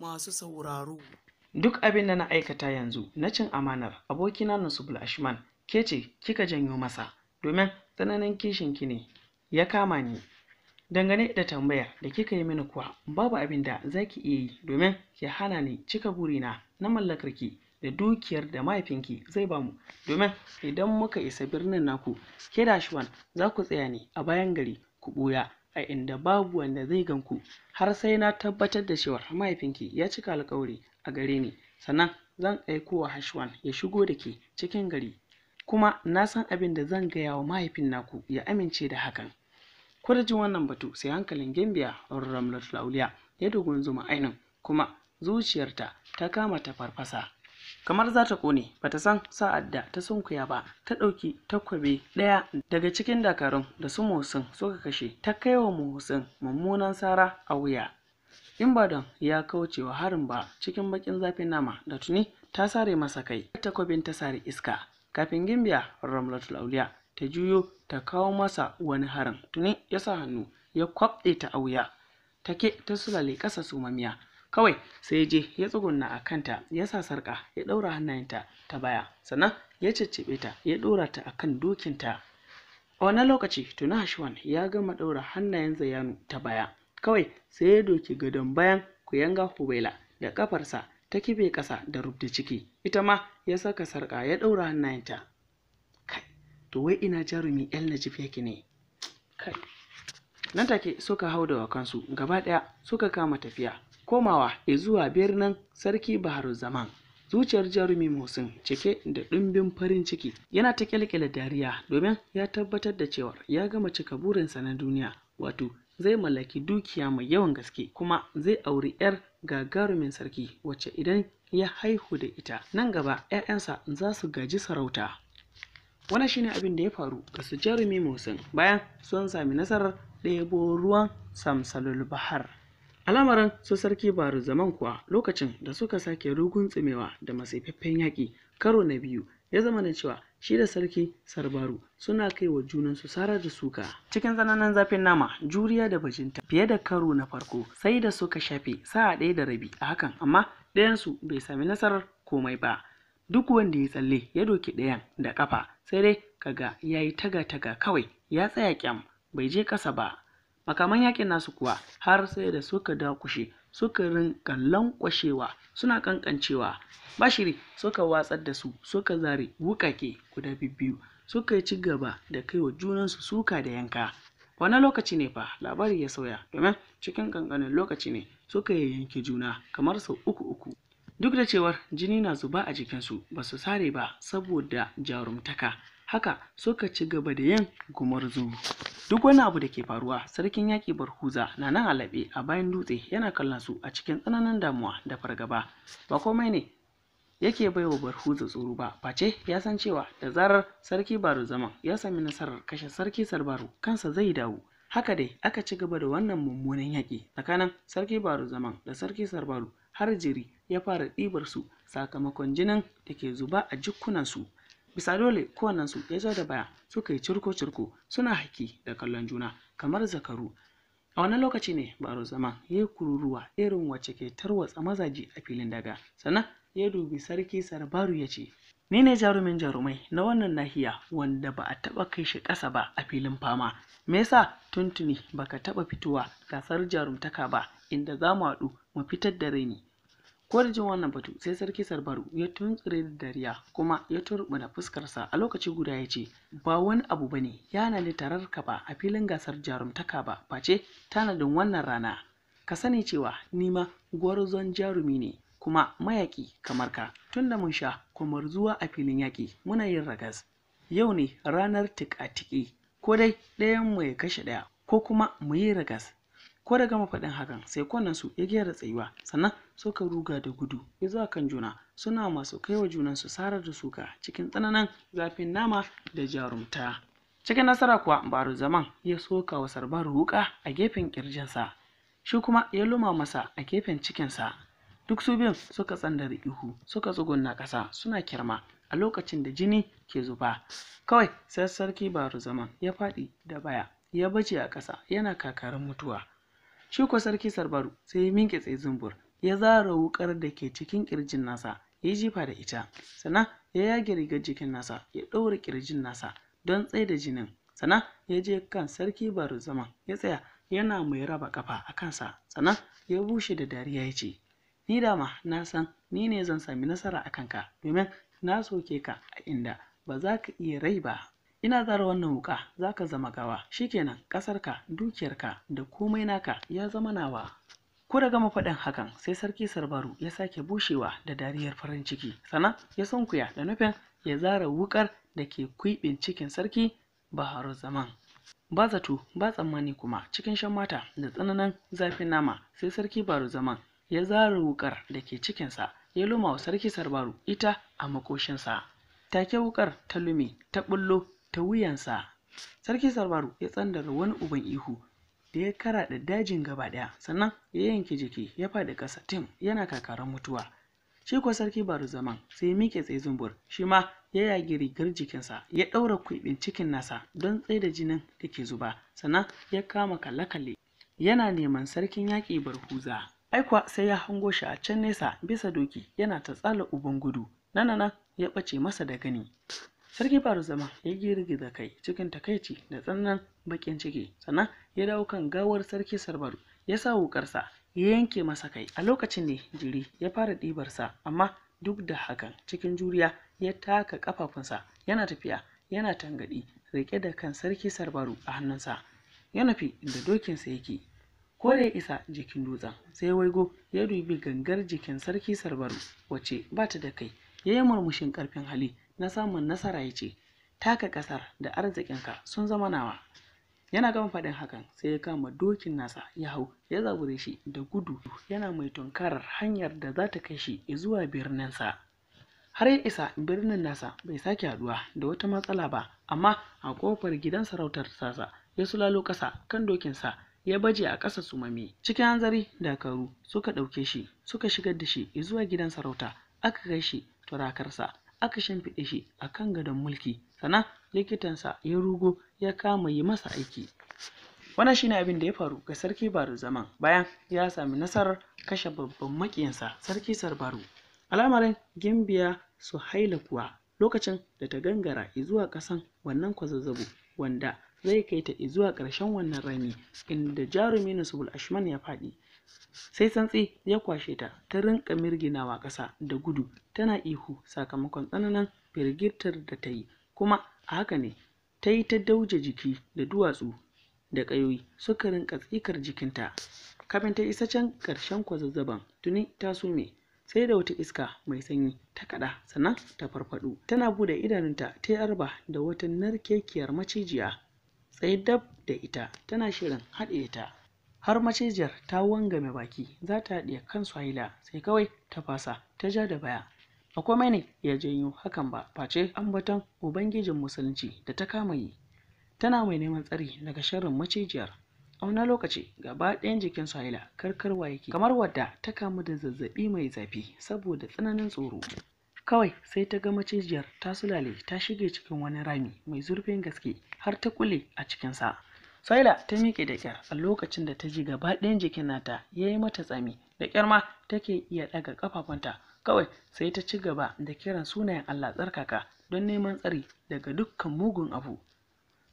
masu sauraro. Duk abin da na aikata yanzu na cin amanar abokina Nusubul Ashman ke ce kika janyo masa domin tsananin kishin ki ne ya kama ni. Dangane da tambaya da kika yi mini kuwa babu abin da za ki iya yi domin ki hana ni cika burina na mallakar ki da dukiyar da mahaifinki zai ba mu, domin idan muka isa birnin naku ke da za ku tsaya ne a bayan gari ku ɓuya a inda babu wanda zai ganku har sai na tabbatar da cewa mahaifinki ya cika alkawari a gare ni sannan zan aiko wa Hashwan ya shigo da ke cikin gari kuma na san abin da zan gaya wa mahaifin naku ya amince da hakan kurajin wannan batu sai hankalin gembiya Ramlatul lauliya ya dogon zuma ainin kuma zuciyarta ta kama ta farfasa kamar za ta kone bata san sa'ad da ta sunkuya ba ta ɗauki takwabe ɗaya daga cikin dakarun da su Mohsin suka kashe ta kai wa Mohsin mummunan sara a wuya in ba don ya kauce wa harin ba cikin bakin zafin nama da tuni ta sare masa kai takwabin ta sare iska kafin gimbiya ramlatul lauliya ta juyo ta kawo masa wani harin tuni ya sa hannu ya kwabɗe ta a wuya take ta sulale ƙasa sumamiya kawai sai je ya tsugunna a kanta ya sa sarƙa ya ɗaura hannayenta ta baya sannan ya cicciɓe ta ya ɗora ta a kan dokinta a wannan lokaci tuna hashuwan ya gama ɗaura hannayen zayanu ta baya kawai sai ya doki gadon bayan kuyanga hubaila da ƙafarsa ta kibe ƙasa da rubda ciki ita ma ya saka sarƙa ya ɗaura hannayenta kai to wai ina jarumi el najib yake ne kai nan take suka hau da kansu gaba ɗaya suka kama tafiya komawa zuwa birnin sarki zaman zuciyar jarumi Musin cike da ɗumbin farin ciki yana ta kyalkyala dariya domin ya tabbatar da cewa ya gama cika burinsa na duniya wato zai mallaki dukiya mai yawan gaske kuma zai auri 'yar gagarumin sarki wacce idan ya haihu da ita nan gaba 'ya'yansa za su gaji sarauta wannan shine abin da ya faru ga su jarumi Musin bayan sun sami nasarar ɗebo ruwan Samsalul Bahar Al'amuran su Sarki baru zaman kuwa lokacin da suka sake rugun tsumewa da masifaffen yaƙi karo na biyu ya zama da cewa shi da sarki sarbaru suna kai wa junansu sarar da suka cikin tsananin zafin nama juriya da bajinta fiye da karo na farko sai da suka shafe sa'a ɗaya da rabi a hakan amma ɗayansu bai sami nasarar komai ba duk wanda ya tsalle ya doki ɗayan da ƙafa sai dai kaga ya yi taga-taga kawai ya tsaya kyam bai je ƙasa ba makaman yakin nasu kuwa har sai da suka dakushe suka rinka lankwashewa suna kankancewa bashiri suka watsar da su suka zare wukake guda biyu suka yi ci gaba da kai wa junansu suka da yanka wani lokaci ne fa labari ya sauya domin cikin kankanin lokaci ne suka yi yanke juna kamar sau uku uku duk da cewar jini na zuba a jikinsu ba su sare ba saboda jarumtaka haka suka ci gaba da yin gumurzu duk wani abu da ke faruwa sarkin yaƙi barhuza na nan alaɓe a bayan dutse yana kallon su a cikin tsananin damuwa da fargaba ba komai ne yake bai wa barhuza tsoro ba face ya san cewa da zarar sarki Baru zaman ya sami nasarar kashe sarki sarbaru kansa zai dawo haka dai aka ci gaba da wannan mummunan yaƙi tsakanin sarki Baru zaman da sarki sarbaru har jiri ya fara ɗibar su sakamakon jinin da ke zuba a jikunansu bisa dole kowannensu ya zo da baya suka yi cirko-cirko suna haki da kallon juna kamar zakaru a wani lokaci ne baro zama ya yi kururuwa irin wacce ke tarwatsa mazaji a filin daga sannan ya dubi sarki sarbaru ya ce ni ne jarumin jarumai na wannan nahiya wanda ba a taba kai shi ƙasa ba a filin fama me yasa tuntuni baka taba fitowa gasar jarumtaka ba inda za mu haɗu mu fitar da raini ko da wannan batu sai sarki sarbaru ya tuntsire da dariya kuma ya turbuna fuskarsa a lokaci guda ya ce ba wani abu ba ne ya ne tarar ka ba a filin gasar jarumtaka ba face tanadin wannan rana ka sani cewa nima gwarzon jarumi ne kuma mayaki kamar ka tun da mun sha kumar zuwa a filin yaƙi muna yin ragas yau ne ranar tikatik'i ko dai ɗayan mu ya kashe ɗaya ko kuma mu yi ragas ko da gama faɗin hakan sai kwanan su ya gyara tsayuwa sannan suka ruga da gudu ya zuwa kan juna suna masu kaiwa junansu sarar da suka cikin tsananin zafin nama da jarumta cikin nasara kuwa baro zaman ya soka wa sarbar wuka a gefen kirjinsa shi kuma ya luma masa a gefen cikinsa duk su biyun suka tsandar ihu suka tsugunna ƙasa suna kirma a lokacin da jini ke zuba kawai sai sarki baro zaman ya faɗi da baya ya bace a ƙasa yana kakarin mutuwa shi ko sarki sarbaru sai ya minke tsaye zumbur ya zara wukar da ke cikin kirjin nasa ya jifa da ita sannan ya yage rigar jikin nasa ya ɗaura kirjin nasa don tsaida jinin sannan ya je kan sarki baruzama ya tsaya yana mai raba kafa a kansa sannan ya bushe da dariya ya ce ni dama na san ni ne zan sami nasara a kanka domin na soke ka a inda ba za ka iya rai ba ina zara wannan wuka za ka zama gawa shi shikenan ƙasarka dukiyarka da komai naka ya zama nawa ko da gama faɗin hakan sai sarki sarbaru ya sake bushewa da dariyar farin ciki sana ya sunkuya da nufin ya zara wukar da ke kwiɓin cikin sarki baharu zaman ba zato ba tsammani kuma cikin shan mata da tsananin zafin nama sai sarki baru zaman ya zara wukar da ke cikinsa ya luma wa sarki sarbaru ita a makoshinsa take wukar ta lumi ta bullo ta wuyansa sarki sarbaru ya tsandara wani uban ihu da kara da dajin gaba ɗaya sannan ya yanke jiki ya faɗi ƙasa tim yana kakarar mutuwa shi kuwa sarki baru zaman sai miƙe tsaye zumbur shi ma ya yage rigar jikinsa ya ɗaura kwiɓin cikin nasa don tsaye da jinin da ke zuba sannan ya kama kalle-kalle yana neman sarkin yaƙi barhuza aikwa sai ya hango shi a can nesa bisa doki yana ta tsala uban gudu nan nan ya ɓace masa da gani sarki faru zama ya girgiza kai cikin takaici da tsannan bakin ciki sannan ya dawo kan gawar sarki sarbaru ya sa wukarsa ya yanke masa kai a lokacin ne jiri ya fara ɗibarsa amma duk da hakan cikin juriya ya taka ƙafafunsa yana tafiya yana tangaɗi riƙe da kan sarki sarbaru a hannunsa ya nufi da dokinsa yake ko da ya isa jikin dutsen sai waigo ya dubi gangar jikin sarki sarbaru wacce ba ta da kai ya yi murmushin ƙarfin hali na samun nasara ya ce taka ƙasar da arzikinka sun zama nawa yana gama faɗin hakan sai ya kama dokin nasa ya hau ya zabure shi da gudu yana mai tunkarar hanyar da za ta kai shi zuwa birnin sa. har ya isa birnin nasa bai sake haduwa da wata matsala ba amma a kofar gidan sarautar sasa ya sulalo ƙasa kan dokinsa ya baje a ƙasa sumami cikin hanzari dakaru suka ɗauke shi suka shigar da shi zuwa gidan sarauta aka kai shi turakarsa aka shimfiɗe shi a kan gadon mulki sannan likitansa ya rugo ya kama yi masa aiki wannan shine abin da ya faru ga sarki baru zaman bayan ya sami nasarar kashe babban makiyansa sarki sarbaru al'amarin gimbiya suhaila kuwa lokacin da ta gangara zuwa ƙasan wannan kwazazzabo wanda zai kai ta izuwa ƙarshen wannan rami inda jarumi Nusbul Ashman ya faɗi. Sai santsi ya kwashe ta ta rinka mirginawa ƙasa da gudu tana ihu sakamakon tsananin firgitar da ta yi kuma a haka ne ta yi ta dauje jiki da duwatsu da ƙayoyi suka rinka tsikar jikinta. Kafin ta isa can ƙarshen kwazazzaban tuni ta sume sai da wata iska mai sanyi ta kaɗa sannan ta farfado tana bude idanunta ta yi arba da wata narkekiyar macijiya tsaye dab da ita tana shirin haɗe ta har macijiyar ta wangame baki za ta haɗe kan swahila sai kawai ta fasa ta ja da baya a komai ne ya janyo hakan ba face ambaton ubangijin musulunci da ta kama yi tana mai neman tsari daga shirin macijiyar a wani lokaci gaba ɗayan jikin swahila karkarwa yake kamar wadda ta kamu da zazzaɓi mai zafi saboda tsananin tsoro Kawai sai ta ga macijiyar ta sulale ta shige cikin wani rami mai zurfin gaske har ta kule a cikinsa. Saila ta miƙe da kyar a lokacin da ta ji gaba ɗayan jikin nata ya yi mata tsami da kyar ma take iya ɗaga ƙafafunta kawai sai ta ci gaba da kiran sunayen Allah tsarkaka don neman tsari daga dukkan mugun abu.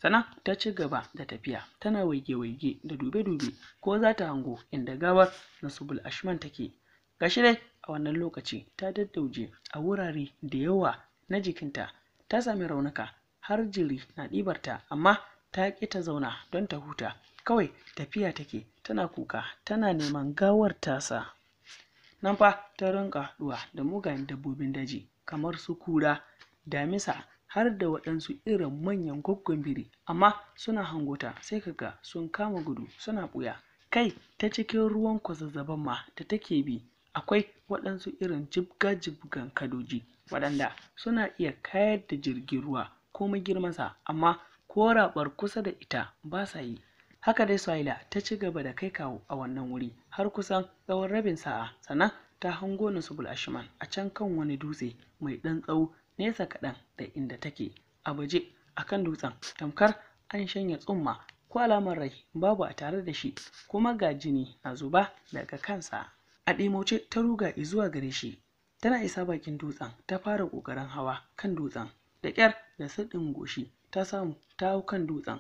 Sana ta ci gaba da tafiya tana waige-waige da dube-dube ko za ta hango inda gawar Nasubul Ashman take. Gashi dai a wannan lokaci ta daddauje a wurare da yawa na jikinta ta sami raunuka har jiri na ɗibarta amma ta ƙi ta zauna don ta huta kawai tafiya take tana kuka tana neman gawar tasa nan fa ta rinka haɗuwa da mugayen dabbobin daji kamar su kura damisa har da waɗansu irin manyan goggon biri amma suna hangota sai kaga sun kama gudu suna ɓuya kai ta cikin ruwan kwazazzaban ma da take bi akwai waɗansu irin jibga-jibgan kadoji waɗanda suna iya kayar da jirgin ruwa ko ma girmansa amma ko raɓar kusa da ita ba sa yi haka dai swahila ta ci gaba da kai kawo a wannan wuri har kusan tsawon rabin sa'a sannan ta hango na subul ashman a can kan wani dutse mai ɗan tsawo nesa kaɗan da inda take a baje kan dutsen tamkar an shanya tsumma ko alamar rai babu a tare da shi kuma ga jini na zuba daga kansa a ɗimauce ta ruga zuwa gare shi tana isa bakin dutsen ta fara ƙoƙarin hawa kan dutsen da ƙyar da saɗin goshi ta samu ta hau kan dutsen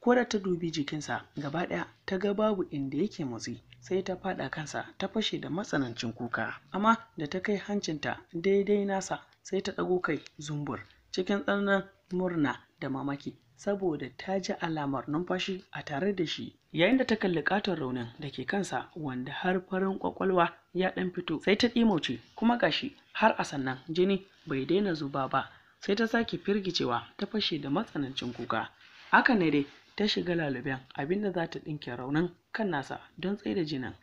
ko da ta dubi jikinsa gaba ɗaya ta ga babu inda yake motsi sai ta faɗa kansa ta fashe da matsanancin kuka amma da ta kai hancinta daidai nasa sai ta ɗago kai zumbur cikin tsananin murna da mamaki saboda ta ji alamar numfashi a tare da shi yayin da ta kalli katon raunin da ke kansa wanda har farin kwakwalwa ya ɗan fito sai ta ɗimauce kuma gashi har a sannan jini bai daina zuba ba sai ta sake firgicewa ta fashe da matsanancin kuka haka ne dai ta shiga laluben abinda za ta ɗinke raunin kan nasa don tsaida jinin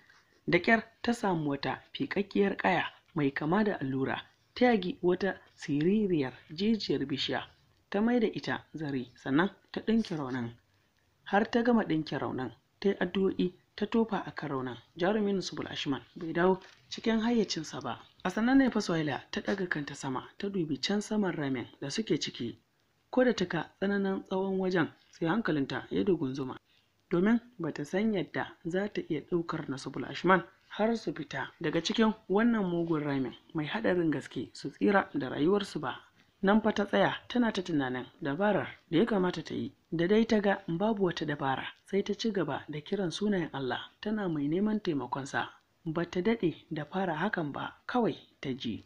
da kyar ta samu wata fiƙaƙƙiyar ƙaya mai kama da allura ta yagi wata siririyar jijiyar bishiya ta mai da ita zare sannan ta ɗinki raunin har ta gama ɗinki raunin ta yi addu'o'i ta tofa a kan raunin jarumin subul ashman bai dawo cikin hayyacinsa ba a sannan ne faswaila ta ɗaga kanta sama ta dubi can saman ramin da suke ciki ko da taka tsananin tsawon wajen sai hankalinta ya dogunzuma domin bata san yadda za ta iya ɗaukar nasubul ashman har su fita daga cikin wannan mugun ramin mai haɗarin gaske su tsira da rayuwarsu ba nan fa ta tsaya tana ta tunanin dabarar da ya kamata ta yi da dai ta ga babu wata dabara sai ta ci gaba da kiran sunayen Allah tana mai neman taimakonsa ba ta daɗe da fara hakan ba kawai ta ji.